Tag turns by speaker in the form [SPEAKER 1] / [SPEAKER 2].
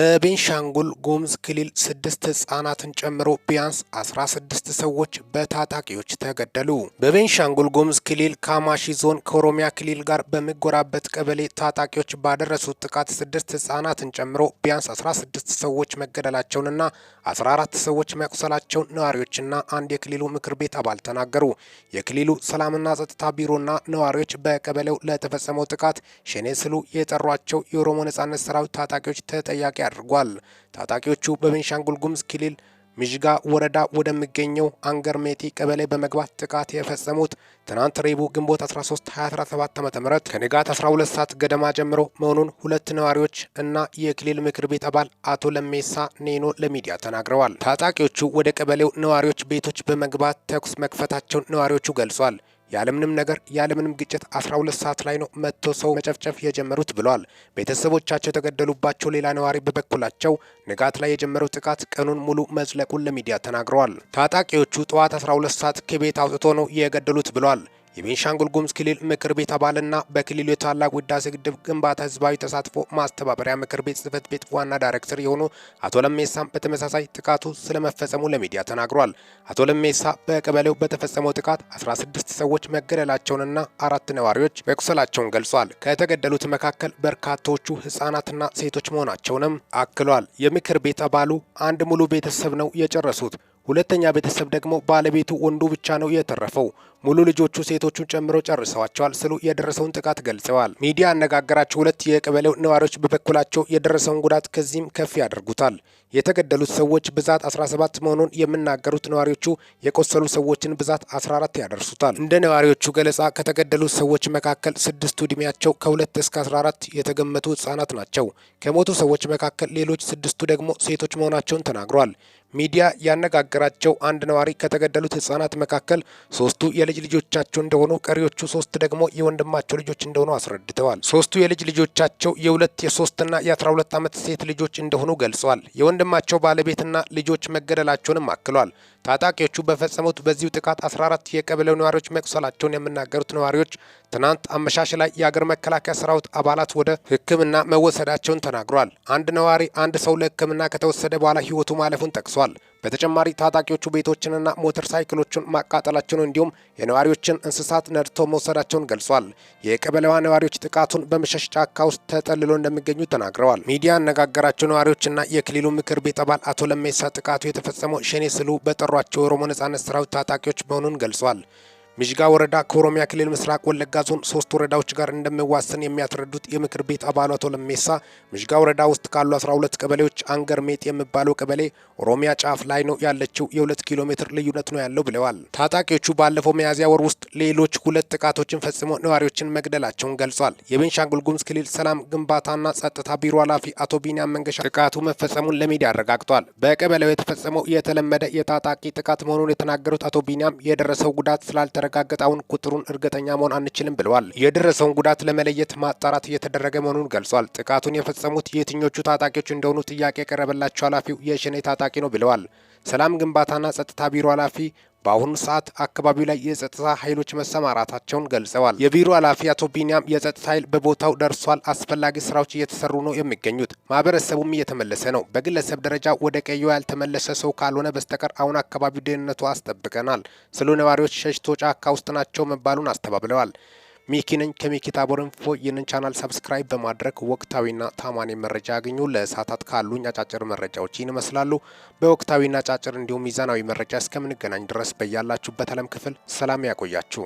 [SPEAKER 1] በቤንሻንጉል ጉሙዝ ክልል ስድስት ህጻናትን ጨምሮ ቢያንስ 16 ሰዎች በታጣቂዎች ተገደሉ። በቤንሻንጉል ጉሙዝ ክልል ካማሺ ዞን ከኦሮሚያ ክልል ጋር በሚጎራበት ቀበሌ ታጣቂዎች ባደረሱት ጥቃት ስድስት ህጻናትን ጨምሮ ቢያንስ 16 ሰዎች መገደላቸውንና 14 ሰዎች መቁሰላቸውን ነዋሪዎችና አንድ የክልሉ ምክር ቤት አባል ተናገሩ። የክልሉ ሰላምና ጸጥታ ቢሮና ነዋሪዎች በቀበሌው ለተፈጸመው ጥቃት ሸኔ ስሉ የጠሯቸው የኦሮሞ ነጻነት ሰራዊት ታጣቂዎች ተጠያቂ አድርጓል። ታጣቂዎቹ በቤንሻንጉል ጉሙዝ ክልል ምዥጋ ወረዳ ወደሚገኘው አንገር ሜቲ ቀበሌ በመግባት ጥቃት የፈጸሙት ትናንት ረቡዕ ግንቦት 13 2017 ዓ.ም ከንጋት 12 ሰዓት ገደማ ጀምሮ መሆኑን ሁለት ነዋሪዎች እና የክልል ምክር ቤት አባል አቶ ለሜሳ ኔኖ ለሚዲያ ተናግረዋል። ታጣቂዎቹ ወደ ቀበሌው ነዋሪዎች ቤቶች በመግባት ተኩስ መክፈታቸውን ነዋሪዎቹ ገልጿል። ያለምንም ነገር ያለምንም ግጭት 12 ሰዓት ላይ ነው መጥቶ ሰው መጨፍጨፍ የጀመሩት ብለዋል። ቤተሰቦቻቸው የተገደሉባቸው ሌላ ነዋሪ በበኩላቸው ንጋት ላይ የጀመረው ጥቃት ቀኑን ሙሉ መዝለቁን ለሚዲያ ተናግረዋል። ታጣቂዎቹ ጠዋት 12 ሰዓት ከቤት አውጥቶ ነው የገደሉት ብለዋል። የቤንሻንጉል ጉሙዝ ክልል ምክር ቤት አባልና በክልሉ የታላቁ ህዳሴ ግድብ ግንባታ ህዝባዊ ተሳትፎ ማስተባበሪያ ምክር ቤት ጽህፈት ቤት ዋና ዳይሬክተር የሆኑ አቶ ለሜሳም በተመሳሳይ ጥቃቱ ስለመፈጸሙ ለሚዲያ ተናግሯል። አቶ ለሜሳ በቀበሌው በተፈጸመው ጥቃት 16 ሰዎች መገደላቸውንና አራት ነዋሪዎች መቁሰላቸውን ገልጿል። ከተገደሉት መካከል በርካታዎቹ ህጻናትና ሴቶች መሆናቸውንም አክሏል። የምክር ቤት አባሉ አንድ ሙሉ ቤተሰብ ነው የጨረሱት። ሁለተኛ ቤተሰብ ደግሞ ባለቤቱ ወንዱ ብቻ ነው የተረፈው። ሙሉ ልጆቹ ሴቶቹን ጨምሮ ጨርሰዋቸዋል ስሉ የደረሰውን ጥቃት ገልጸዋል። ሚዲያ ያነጋገራቸው ሁለት የቀበሌው ነዋሪዎች በበኩላቸው የደረሰውን ጉዳት ከዚህም ከፍ ያደርጉታል። የተገደሉት ሰዎች ብዛት 17 መሆኑን የሚናገሩት ነዋሪዎቹ የቆሰሉ ሰዎችን ብዛት 14 ያደርሱታል። እንደ ነዋሪዎቹ ገለጻ ከተገደሉት ሰዎች መካከል ስድስቱ ዕድሜያቸው ከ2 እስከ 14 የተገመቱ ህጻናት ናቸው። ከሞቱ ሰዎች መካከል ሌሎች ስድስቱ ደግሞ ሴቶች መሆናቸውን ተናግሯል። ሚዲያ ያነጋገራቸው አንድ ነዋሪ ከተገደሉት ህጻናት መካከል ሶስቱ የልጅ ልጆቻቸው እንደሆኑ፣ ቀሪዎቹ ሶስት ደግሞ የወንድማቸው ልጆች እንደሆኑ አስረድተዋል። ሶስቱ የልጅ ልጆቻቸው የሁለት የሶስትና የአስራ ሁለት ዓመት ሴት ልጆች እንደሆኑ ገልጸዋል። የወንድማቸው ባለቤትና ልጆች መገደላቸውንም አክሏል። ታጣቂዎቹ በፈጸሙት በዚሁ ጥቃት 14 የቀበሌው ነዋሪዎች መቁሰላቸውን የሚናገሩት ነዋሪዎች ትናንት አመሻሽ ላይ የአገር መከላከያ ሰራዊት አባላት ወደ ሕክምና መወሰዳቸውን ተናግሯል። አንድ ነዋሪ አንድ ሰው ለሕክምና ከተወሰደ በኋላ ህይወቱ ማለፉን ጠቅሷል። በተጨማሪ ታጣቂዎቹ ቤቶችንና ሞተር ሳይክሎችን ማቃጠላቸውን እንዲሁም የነዋሪዎችን እንስሳት ነድቶ መውሰዳቸውን ገልጿል። የቀበሌዋ ነዋሪዎች ጥቃቱን በመሸሽ ጫካ ውስጥ ተጠልሎ እንደሚገኙ ተናግረዋል። ሚዲያ ያነጋገራቸው ነዋሪዎችና የክልሉ ምክር ቤት አባል አቶ ለሜሳ ጥቃቱ የተፈጸመው ሸኔ ስሉ በጠ የጠሯቸው የኦሮሞ ነጻነት ሰራዊት ታጣቂዎች መሆኑን ገልጿል። ምዥጋ ወረዳ ከኦሮሚያ ክልል ምስራቅ ወለጋ ዞን ሶስት ወረዳዎች ጋር እንደሚዋሰን የሚያስረዱት የምክር ቤት አባሉ አቶ ለሜሳ ምዥጋ ወረዳ ውስጥ ካሉ 12 ቀበሌዎች አንገር ሜጥ የሚባለው ቀበሌ ኦሮሚያ ጫፍ ላይ ነው ያለችው የሁለት ኪሎ ሜትር ልዩነት ነው ያለው ብለዋል። ታጣቂዎቹ ባለፈው መያዝያ ወር ውስጥ ሌሎች ሁለት ጥቃቶችን ፈጽሞ ነዋሪዎችን መግደላቸውን ገልጿል። የቤንሻንጉል ጉምዝ ክልል ሰላም ግንባታና ጸጥታ ቢሮ ኃላፊ አቶ ቢኒያም መንገሻ ጥቃቱ መፈጸሙን ለሚዲያ አረጋግጧል። በቀበሌው የተፈጸመው የተለመደ የታጣቂ ጥቃት መሆኑን የተናገሩት አቶ ቢኒያም የደረሰው ጉዳት ስላልተረ ሳናረጋግጥ አሁን ቁጥሩን እርግጠኛ መሆን አንችልም ብለዋል። የደረሰውን ጉዳት ለመለየት ማጣራት እየተደረገ መሆኑን ገልጿል። ጥቃቱን የፈጸሙት የትኞቹ ታጣቂዎች እንደሆኑ ጥያቄ የቀረበላቸው ኃላፊው የሸኔ ታጣቂ ነው ብለዋል። ሰላም ግንባታና ጸጥታ ቢሮ ኃላፊ በአሁኑ ሰዓት አካባቢው ላይ የጸጥታ ኃይሎች መሰማራታቸውን ገልጸዋል። የቢሮ ኃላፊ አቶ ቢኒያም የጸጥታ ኃይል በቦታው ደርሷል፣ አስፈላጊ ስራዎች እየተሰሩ ነው የሚገኙት፣ ማህበረሰቡም እየተመለሰ ነው። በግለሰብ ደረጃ ወደ ቀዩ ያልተመለሰ ሰው ካልሆነ በስተቀር አሁን አካባቢው ደህንነቱ አስጠብቀናል ስሉ ነዋሪዎች ሸሽቶ ጫካ ውስጥ ናቸው መባሉን አስተባብለዋል። ሚኪ ነኝ ከሚኪ ታቦር ኢንፎ። ይህንን ቻናል ሰብስክራይብ በማድረግ ወቅታዊና ታማኒ መረጃ ያገኙ። ለእሳታት ካሉኝ አጫጭር መረጃዎች ይህን ይመስላሉ። በወቅታዊና አጫጭር እንዲሁም ሚዛናዊ መረጃ እስከምንገናኝ ድረስ በያላችሁበት ዓለም ክፍል ሰላም ያቆያችሁ።